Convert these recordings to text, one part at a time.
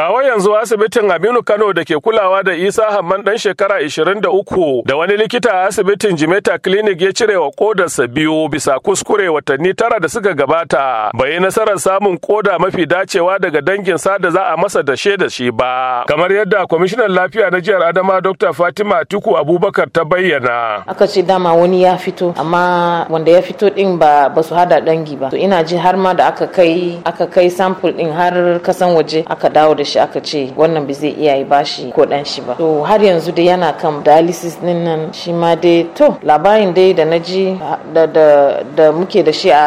Kawo yanzu asibitin Aminu Kano da ke kulawa da Isa Hamman dan shekara 23 da wani likita a asibitin Jimeta Clinic ya cire wa kodarsa biyu bisa kuskure watanni tara da suka gabata. Bai nasarar samun koda mafi dacewa daga dangin sa da za a masa da shi da shi ba. Kamar yadda kwamishinan lafiya na jihar Adama Dr. Fatima Atiku Abubakar ta bayyana. Aka ce dama wani ya fito amma wanda ya fito din ba ba su hada dangi ba. To ina ji har ma da aka kai aka kai sample din har kasan waje aka dawo da shi aka ce wannan ba zai iya yi bashi ko dan shi ba to har yanzu dai yana kan dialysis din nan shi ma dai to labarin dai da na da da da muke da shi a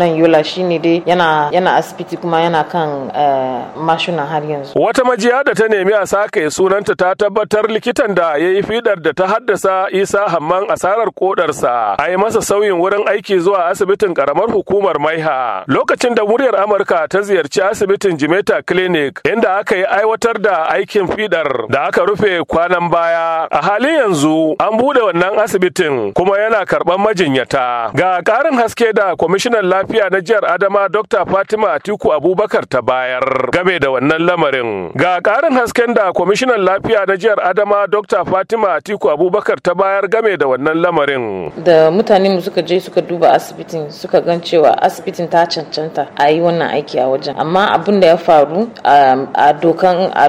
nan yola shine dai yana yana asibiti kuma yana kan eh, mashina har yanzu wata majiya da ta nemi a sake sunanta ta tabbatar likitan da ya yi fidar da ta haddasa isa hamman asarar kodarsa a yi masa sauyin wurin aiki zuwa asibitin karamar hukumar maiha lokacin da muryar amurka ta ziyarci asibitin jimeta clinic inda aka yi aiwatar da aikin fidar da aka rufe kwanan baya a halin yanzu an bude wannan asibitin kuma yana karban majinyata ga karin haske da kwamishinan lafiya na jihar adama dr fatima atiku abubakar ta bayar game da wannan lamarin ga karin hasken da kwamishinan lafiya na jihar adama dr fatima atiku abubakar ta bayar game da wannan lamarin da mutane mu suka je suka duba asibitin suka gan cewa asibitin ta cancanta a yi wannan aiki a wajen amma abin da ya faru a a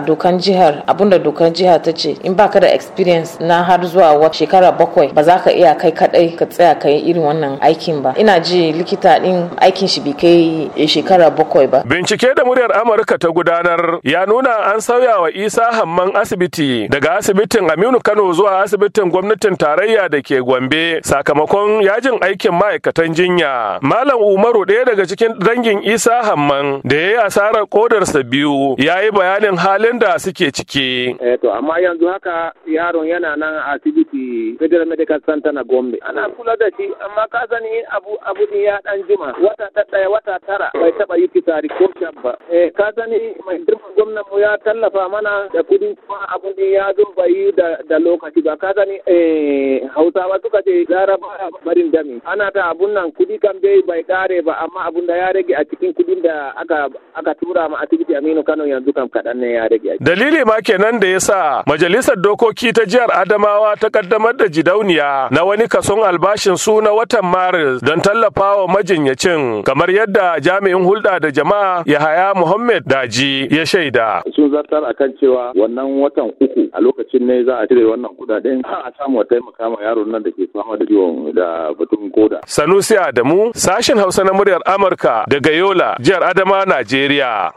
dokan jihar abinda dokan jihar ta ce in baka da experience na har zuwa shekara bakwai ba za ka iya kai kadai ka tsaya ka yi irin wannan aikin ba ina ji likita din aikin shi bai kai shekara bakwai ba bincike da muryar amurka ta gudanar ya nuna an sauya wa isa hamman asibiti daga asibitin aminu kano zuwa asibitin gwamnatin tarayya da ke gombe sakamakon yajin aikin ma'aikatan jinya malam umaru ɗaya daga cikin dangin isa hamman da ya yi asarar kodarsa biyu ya yi bayanin halin da suke ciki. Eto, eh, amma yanzu haka yaron yana nan a asibiti Federal Medical Center na Gombe. Ana kula da shi amma ka sani abu abu ne ya dan jima wata ta daya wata tara bai taba yi fitari ko ba. Eh ka sani mai girma gwamnan mu ya tallafa mana da kudi kuma abu ne ya zo bai da da lokaci ba ka sani eh Hausawa suka ce gara ba barin dami. Ana ta abun nan kudi kan bai bai kare ba amma abun da ya rage a cikin kudin da aka aka tura ma asibiti Aminu Kano yanzu kam kaɗan ne ya rage. Dalili ma kenan da ya sa majalisar dokoki ta jihar Adamawa ta kaddamar da jidauniya na wani kason albashin su na watan Maris don tallafawa majinyacin kamar yadda jami'in hulɗa da jama'a Yahaya Muhammad Daji ya shaida. Sun zartar akan cewa wannan watan uku a lokacin ne za a cire wannan kudaden a samu a taimaka ma yaron nan da ke fama da ciwon da batun koda. Sanusi Adamu sashen Hausa na muryar Amurka daga Yola jihar Adama Najeriya.